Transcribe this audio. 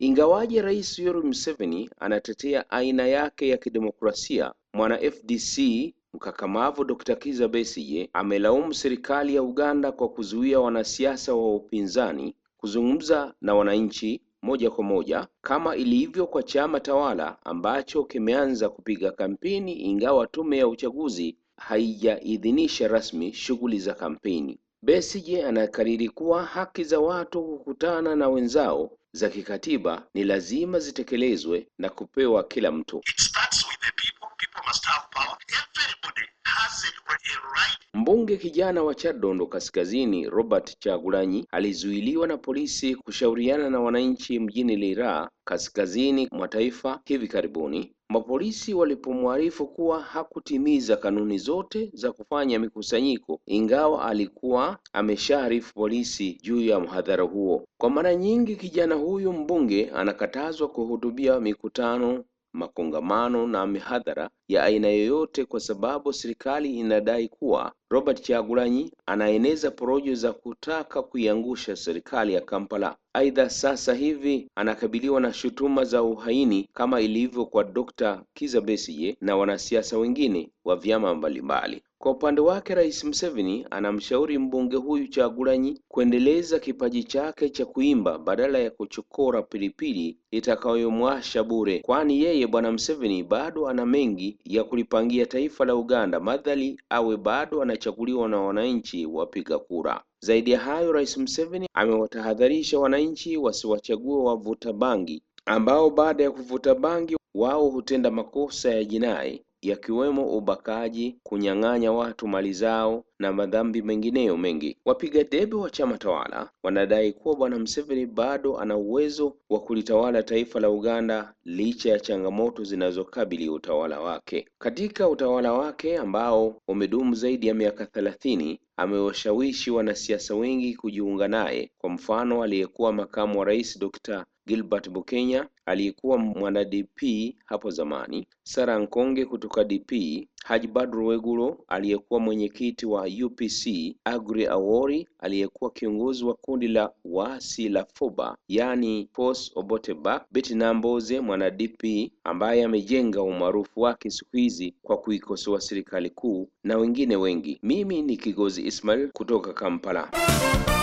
Ingawaje Rais Yoweri Museveni anatetea aina yake ya kidemokrasia, mwana FDC mkakamavu Dr. Kizza Besigye amelaumu serikali ya Uganda kwa kuzuia wanasiasa wa upinzani kuzungumza na wananchi moja kwa moja kama ilivyo kwa chama tawala ambacho kimeanza kupiga kampeni ingawa tume ya uchaguzi haijaidhinisha rasmi shughuli za kampeni. Besigye anakariri kuwa haki za watu kukutana na wenzao za kikatiba ni lazima zitekelezwe na kupewa kila mtu. It starts with the people. People must have power. Mbunge kijana wa Chadondo Kaskazini Robert Chagulanyi alizuiliwa na polisi kushauriana na wananchi mjini Lira kaskazini mwa taifa hivi karibuni, mapolisi walipomwarifu kuwa hakutimiza kanuni zote za kufanya mikusanyiko, ingawa alikuwa ameshaarifu polisi juu ya mhadhara huo. Kwa mara nyingi, kijana huyu mbunge anakatazwa kuhutubia mikutano, makongamano na mihadhara ya aina yoyote kwa sababu serikali inadai kuwa Robert Chagulanyi anaeneza porojo za kutaka kuiangusha serikali ya Kampala. Aidha, sasa hivi anakabiliwa na shutuma za uhaini kama ilivyo kwa Dr. Kizza Besigye na wanasiasa wengine wa vyama mbalimbali. Kwa upande wake, Rais Museveni anamshauri mbunge huyu Chagulanyi kuendeleza kipaji chake cha kuimba badala ya kuchokora pilipili itakayomwasha bure, kwani yeye Bwana Museveni bado ana mengi ya kulipangia taifa la Uganda madhali awe bado anachaguliwa na wananchi wapiga kura. Zaidi ya hayo, Rais Museveni amewatahadharisha wananchi wasiwachague wavuta bangi ambao baada ya kuvuta bangi wao hutenda makosa ya jinai yakiwemo ubakaji, kunyang'anya watu mali zao na madhambi mengineyo mengi. Wapiga debe wa chama tawala wanadai kuwa Bwana Museveni bado ana uwezo wa kulitawala taifa la Uganda licha ya changamoto zinazokabili utawala wake. Katika utawala wake ambao umedumu zaidi ya miaka thelathini, amewashawishi wanasiasa wengi kujiunga naye. Kwa mfano, aliyekuwa makamu wa rais Dr. Gilbert Bukenya aliyekuwa mwana DP hapo zamani, Sara Nkonge kutoka DP, Haji Badru Wegulo aliyekuwa mwenyekiti wa UPC, Agri Awori aliyekuwa kiongozi wa kundi la waasi la Foba yaani Force Obote Oboteba, Beti Namboze mwana DP ambaye amejenga umaarufu wake siku hizi kwa kuikosoa serikali kuu na wengine wengi. Mimi ni Kigozi Ismail kutoka Kampala.